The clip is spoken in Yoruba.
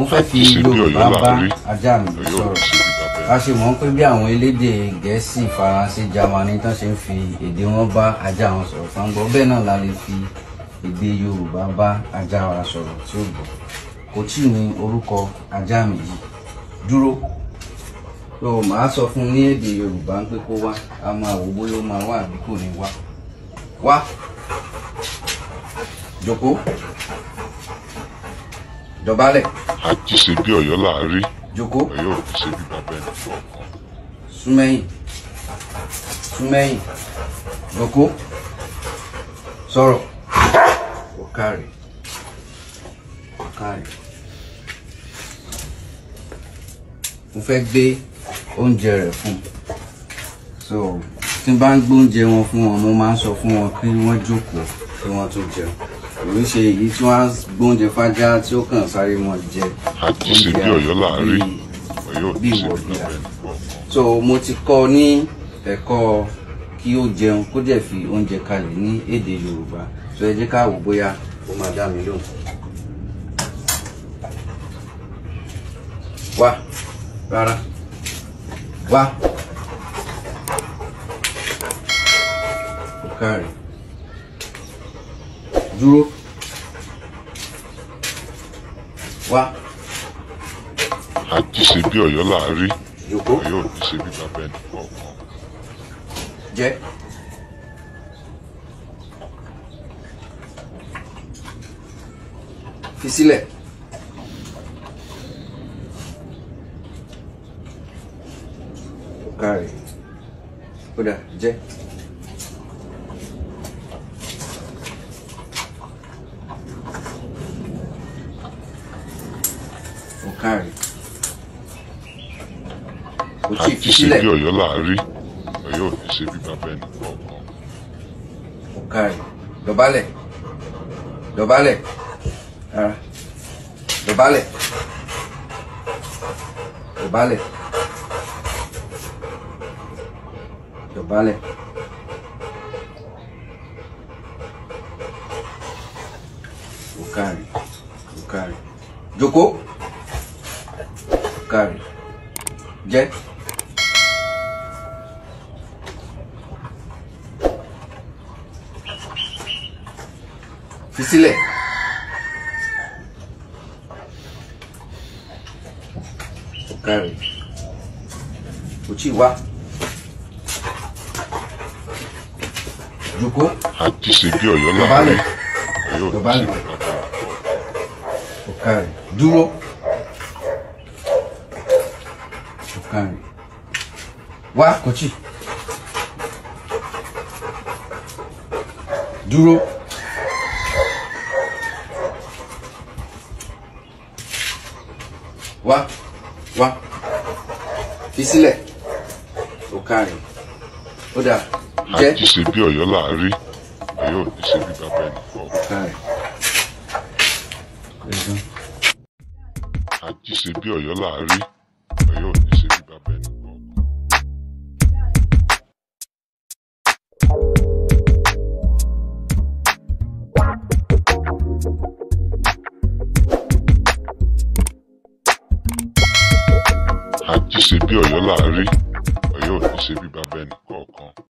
mo fẹ́ fi yorùbá bá ajá mi sọ̀rọ̀ a ṣe mọ̀ pé bí àwọn elédè gẹ̀ẹ́sì faransé jamani tán ṣe ń fi èdè wọn bá ajá wọn sọ̀rọ̀ tá ń gbọ́ bẹ́ẹ̀ náà la lè fi èdè yorùbá bá ajá wa sọ̀rọ̀ tí ó gbọ́ Kochi ni orúkọ ajá mi yìí dúró tó màá sọ fún ní èdè yorùbá ń pé kó wá a máa wò bóyá ó máa wá àbí kò ní wá wá jókòó dọ̀bálẹ̀. a ti ṣe bí ọ̀yọ́ láàárí. joko ọ̀yọ́ ò fi ṣe bí bàbá ẹni fún ọkàn. súnmẹ́yìn súnmẹ́yìn jòkó sọ̀rọ̀ ọ̀kàrè ọ̀kàrè mo fẹ́ gbé oúnjẹ rẹ̀ fún so tí n bá ń gbóúnjẹ wọn fún wọn mo máa ń sọ fún wọn kí wọ́n jókòó kí wọ́n tún jẹun ń ṣe èyí tí wọ́n gbóúnjẹ fájá tí ó kàn sáré mọ́ jẹ. àtúnṣe bí Ọ̀yọ́ láàárín bí ìwọ̀bìà so mo ti kọ́ ní ẹ̀kọ́ kí ó jẹun kó dẹ̀ fi oúnjẹ kalẹ̀ ní èdè Yorùbá so ẹ jẹ́ ká wò bóyá ó máa dá mi lóhùn. wá rárá wá kárí dúró. wá. àtúnṣe bí ọ̀yọ́ là á rí ọ̀yọ́ ò ní ṣe bí bàbá ẹni pọ̀ kan. jẹ́. fi sílẹ̀. kárí ó dà káre kò tí ì fi sílẹ̀. àti ṣe bí ọ̀yọ́ là á rí ọ̀yọ́ ò ní ṣe bí bàbá ẹni kọ̀ọ̀kan. kò káre dọ̀bálẹ̀ dọ̀bálẹ̀ rárá dọ̀bálẹ̀ dọ̀bálẹ̀ dọ̀bálẹ̀. Ó káre, ó káre. Jókòó kárí jẹ. fi sílẹ̀. kárí kò tí ì wá. jókòó. àti ṣe bí vale, láàrin yóò ti ṣe wá kọ́chì dúró. wá wá fi sílẹ̀ ó kárin ó dáa jẹ́. àti ṣe bí ọ̀yọ́ láàárín ẹ̀yọ́ ní ṣe bí bàbá ẹni kọ́. àti ṣe bí ọ̀yọ́ láàárín ẹ̀yọ́ ní. à ń jíṣe bí ọ̀yọ́ là ń rí ọ̀yọ́ ò